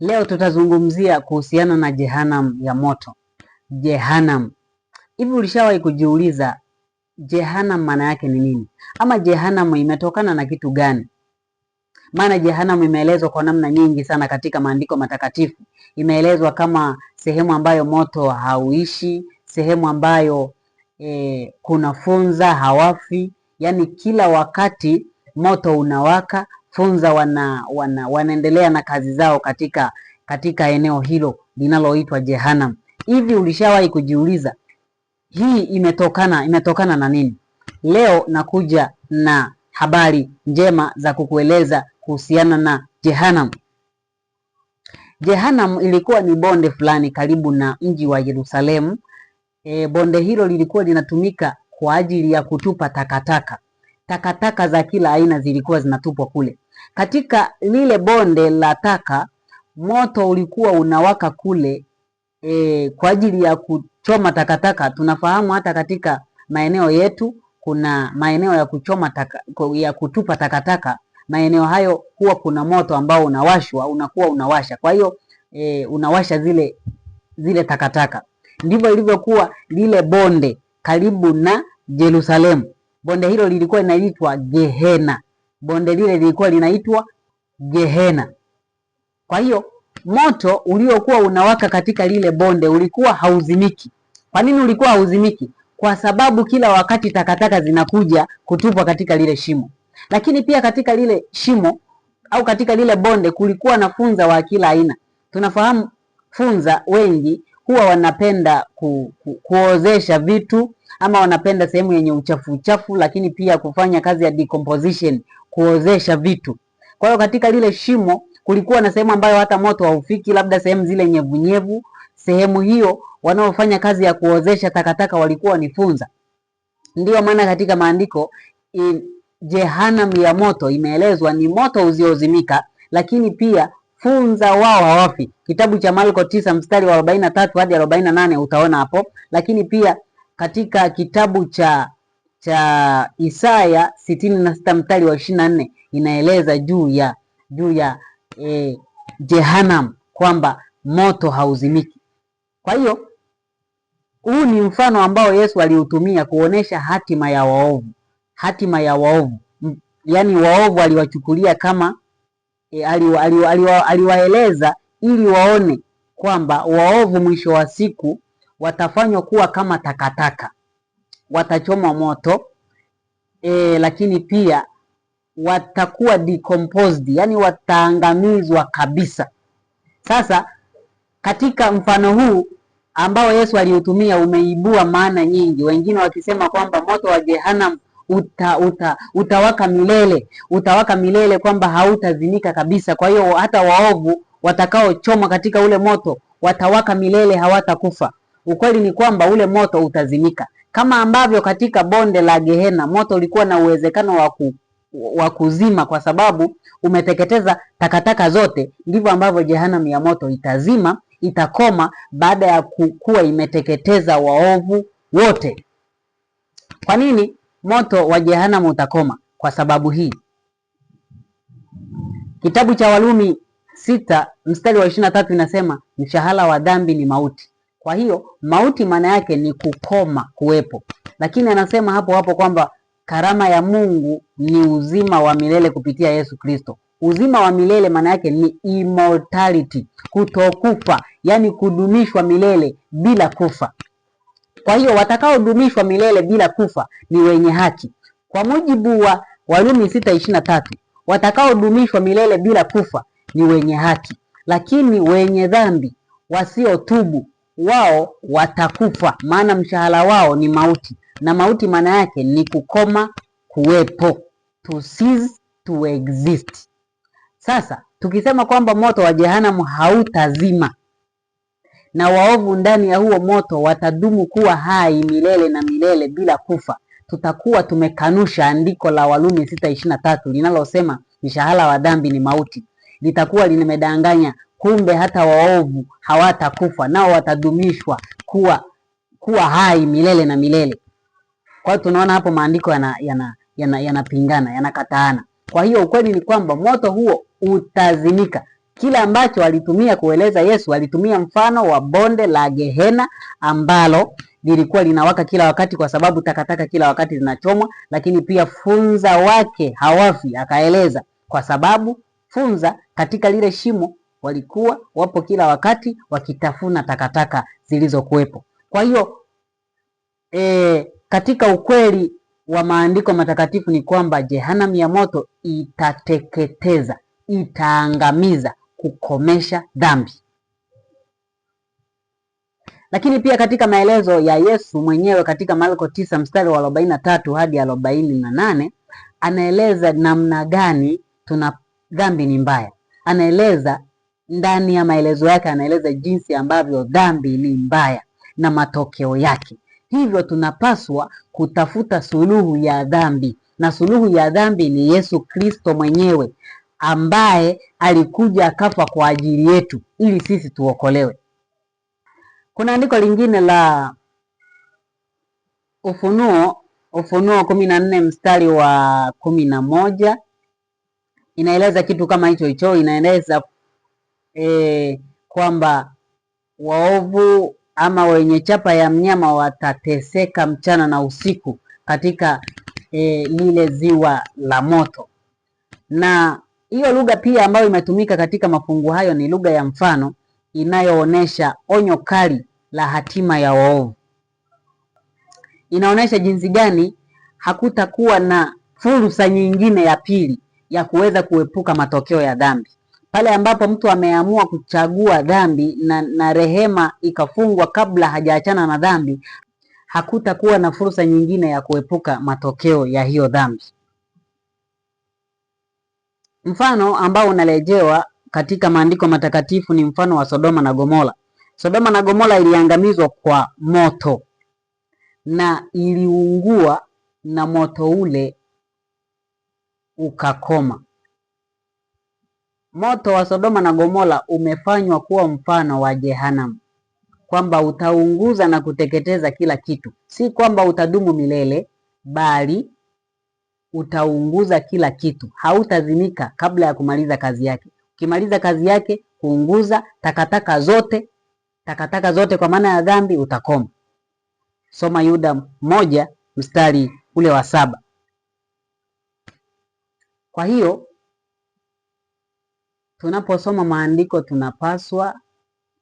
Leo tutazungumzia kuhusiana na jehanamu ya moto. Jehanamu, hivi ulishawahi kujiuliza jehanamu maana yake ni nini, ama jehanamu imetokana na kitu gani? Maana jehanamu imeelezwa kwa namna nyingi sana katika maandiko matakatifu. Imeelezwa kama sehemu ambayo moto hauishi, sehemu ambayo e, kuna funza hawafi, yaani kila wakati moto unawaka, kufunza wana, wana, wanaendelea na kazi zao katika, katika eneo hilo linaloitwa Jehanam. Hivi ulishawahi kujiuliza hii imetokana imetokana na nini? Leo nakuja na habari njema za kukueleza kuhusiana na Jehanam. Jehanam ilikuwa ni bonde fulani karibu na mji wa Yerusalemu. E, bonde hilo lilikuwa linatumika kwa ajili ya kutupa takataka. Takataka za kila aina zilikuwa zinatupwa kule. Katika lile bonde la taka, moto ulikuwa unawaka kule e, kwa ajili ya kuchoma takataka. Tunafahamu hata katika maeneo yetu kuna maeneo ya kuchoma taka, ya kutupa takataka. Maeneo hayo huwa kuna moto ambao unawashwa, unakuwa unawasha, kwa hiyo e, unawasha zile zile takataka. Ndivyo ilivyokuwa lile bonde karibu na Yerusalemu. Bonde hilo lilikuwa linaitwa Gehena bonde lile lilikuwa linaitwa Gehena. Kwa hiyo moto uliokuwa unawaka katika lile bonde ulikuwa hauzimiki. Kwa nini ulikuwa hauzimiki? Kwa sababu kila wakati takataka zinakuja kutupwa katika lile shimo, lakini pia katika lile shimo au katika lile bonde kulikuwa na funza wa kila aina. Tunafahamu funza wengi huwa wanapenda ku, ku, kuozesha vitu ama wanapenda sehemu yenye uchafu uchafu, lakini pia kufanya kazi ya decomposition, kuozesha vitu. Kwa hiyo katika lile shimo kulikuwa na sehemu ambayo hata moto haufiki, labda sehemu zile nyevunyevu. Sehemu hiyo wanaofanya kazi ya kuozesha takataka walikuwa wanifunza. Ndiyo maana katika maandiko jehanamu ya moto imeelezwa ni moto uziozimika, lakini pia funza wao hawafi. Kitabu cha Marko 9 mstari wa 43 hadi 48 utaona hapo, lakini pia katika kitabu cha cha Isaya sitini na sita mstari wa ishirini na nne inaeleza juu ya juu ya e, Jehanam kwamba moto hauzimiki. Kwa hiyo huu ni mfano ambao Yesu aliutumia kuonesha hatima ya waovu, hatima ya waovu, yaani waovu aliwachukulia kama E, aliwaeleza aliwa, aliwa, aliwa ili waone kwamba waovu mwisho wa siku watafanywa kuwa kama takataka, watachomwa moto e, lakini pia watakuwa decomposed, yani wataangamizwa kabisa. Sasa katika mfano huu ambao Yesu aliutumia umeibua maana nyingi, wengine wakisema kwamba moto wa Jehanam uta, uta, utawaka milele, utawaka milele, kwamba hautazimika kabisa. Kwa hiyo hata waovu watakaochomwa katika ule moto watawaka milele, hawatakufa ukweli ni kwamba ule moto utazimika, kama ambavyo katika bonde la Gehena moto ulikuwa na uwezekano wa wa kuzima kwa sababu umeteketeza takataka zote, ndivyo ambavyo jehanamu ya moto itazima, itakoma baada ya kuwa imeteketeza waovu wote. Kwa nini moto wa jehanamu utakoma? Kwa sababu hii, kitabu cha Walumi sita mstari wa ishirini na tatu inasema mshahara wa dhambi ni mauti, kwa hiyo mauti maana yake ni kukoma kuwepo, lakini anasema hapo hapo kwamba karama ya Mungu ni uzima wa milele kupitia Yesu Kristo. Uzima wa milele maana yake ni immortality, kutokufa, yaani kudumishwa milele bila kufa. Kwa hiyo watakaodumishwa milele bila kufa ni wenye haki kwa mujibu wa Warumi sita ishirini na tatu. Watakaodumishwa milele bila kufa ni wenye haki, lakini wenye dhambi wasiotubu wao watakufa, maana mshahara wao ni mauti, na mauti maana yake ni kukoma kuwepo, to cease to exist. Sasa tukisema kwamba moto wa jehanamu hautazima na waovu ndani ya huo moto watadumu kuwa hai milele na milele bila kufa, tutakuwa tumekanusha andiko la Warumi 6:23 linalosema mshahara wa dhambi ni mauti. Litakuwa limedanganya Kumbe hata waovu hawatakufa, nao watadumishwa kuwa kuwa hai milele na milele. Kwa hiyo tunaona hapo maandiko yanapingana, yana, yana, yana yanakataana. Kwa hiyo ukweli ni kwamba moto huo utazimika. kila ambacho walitumia kueleza Yesu, walitumia mfano wa bonde la Gehena ambalo lilikuwa linawaka kila wakati, kwa sababu takataka kila wakati zinachomwa, lakini pia funza wake hawafi. Akaeleza kwa sababu funza katika lile shimo walikuwa wapo kila wakati wakitafuna takataka zilizokuwepo. Kwa hiyo e, katika ukweli wa maandiko matakatifu ni kwamba jehanamu ya moto itateketeza, itaangamiza, kukomesha dhambi. Lakini pia katika maelezo ya Yesu mwenyewe katika Marko tisa mstari wa arobaini tatu hadi arobaini na nane anaeleza namna gani tuna dhambi ni mbaya, anaeleza ndani ya maelezo yake anaeleza jinsi ambavyo dhambi ni mbaya na matokeo yake. Hivyo tunapaswa kutafuta suluhu ya dhambi, na suluhu ya dhambi ni Yesu Kristo mwenyewe ambaye alikuja akafa kwa ajili yetu ili sisi tuokolewe. Kuna andiko lingine la Ufunuo, Ufunuo kumi na nne mstari wa kumi na moja inaeleza kitu kama hicho hicho, inaeleza e, kwamba waovu ama wenye chapa ya mnyama watateseka mchana na usiku katika e, lile ziwa la moto. Na hiyo lugha pia ambayo imetumika katika mafungu hayo ni lugha ya mfano inayoonesha onyo kali la hatima ya waovu. Inaonyesha jinsi gani hakutakuwa na fursa nyingine ya pili ya kuweza kuepuka matokeo ya dhambi pale ambapo mtu ameamua kuchagua dhambi na, na rehema ikafungwa kabla hajaachana na dhambi, hakutakuwa na fursa nyingine ya kuepuka matokeo ya hiyo dhambi. Mfano ambao unalejewa katika maandiko matakatifu ni mfano wa Sodoma na Gomora. Sodoma na Gomora iliangamizwa kwa moto na iliungua na moto ule ukakoma. Moto wa Sodoma na Gomora umefanywa kuwa mfano wa jehanamu, kwamba utaunguza na kuteketeza kila kitu. Si kwamba utadumu milele, bali utaunguza kila kitu, hautazimika kabla ya kumaliza kazi yake. Ukimaliza kazi yake, kuunguza takataka zote, takataka zote kwa maana ya dhambi, utakoma. Soma Yuda moja mstari ule wa saba. Kwa hiyo Tunaposoma maandiko tunapaswa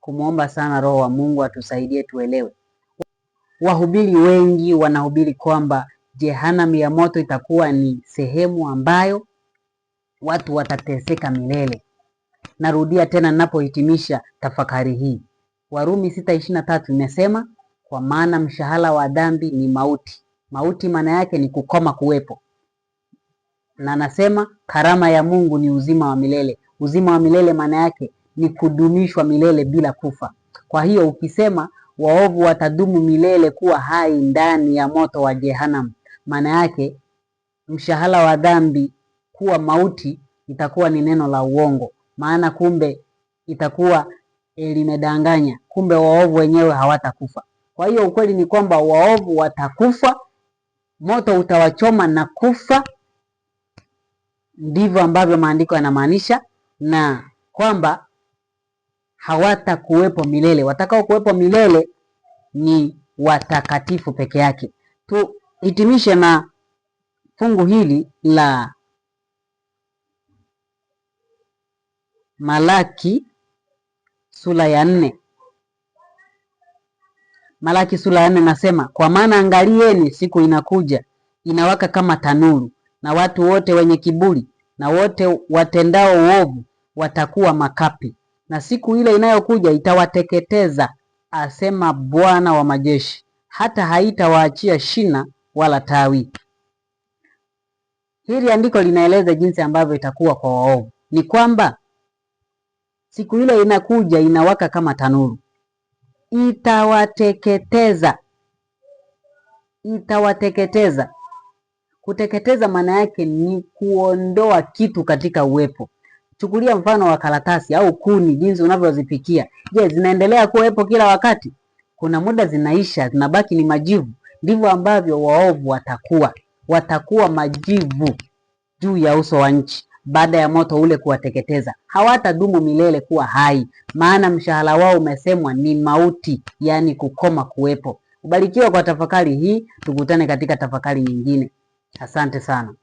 kumwomba sana Roho wa Mungu atusaidie tuelewe. Wahubiri wengi wanahubiri kwamba jehanamu ya moto itakuwa ni sehemu ambayo watu watateseka milele. Narudia tena ninapohitimisha tafakari hii, Warumi sita na tatu imesema, kwa maana mshahara wa dhambi ni mauti. Mauti maana yake ni kukoma kuwepo na anasema karama ya Mungu ni uzima wa milele. Uzima wa milele maana yake ni kudumishwa milele bila kufa. Kwa hiyo ukisema waovu watadumu milele kuwa hai ndani ya moto wa Jehanam, maana yake mshahara wa dhambi kuwa mauti itakuwa ni neno la uongo, maana kumbe itakuwa e, limedanganya. Kumbe waovu wenyewe hawatakufa. Kwa hiyo ukweli ni kwamba waovu watakufa, moto utawachoma na kufa ndivyo ambavyo maandiko yanamaanisha, na kwamba hawatakuwepo milele. Watakao kuwepo milele ni watakatifu peke yake. Tuhitimishe na fungu hili la Malaki sura ya nne. Malaki sura ya nne nasema, kwa maana angalieni, siku inakuja inawaka kama tanuru, na watu wote wenye kiburi na wote watendao uovu watakuwa makapi, na siku ile inayokuja itawateketeza, asema Bwana wa majeshi, hata haitawaachia shina wala tawi. Hili andiko linaeleza jinsi ambavyo itakuwa kwa waovu, ni kwamba siku ile inakuja inawaka kama tanuru, itawateketeza, itawateketeza. Kuteketeza maana yake ni kuondoa kitu katika uwepo. Chukulia mfano wa karatasi au kuni, jinsi unavyozipikia. Je, zinaendelea kuwepo kila wakati? Kuna muda zinaisha, zinabaki ni majivu. Ndivyo ambavyo waovu watakuwa, watakuwa majivu juu ya uso wa nchi baada ya moto ule kuwateketeza. Hawatadumu milele kuwa hai, maana mshahara wao umesemwa ni mauti, yaani kukoma kuwepo. Ubarikiwa kwa tafakari hii, tukutane katika tafakari nyingine. Asante sana.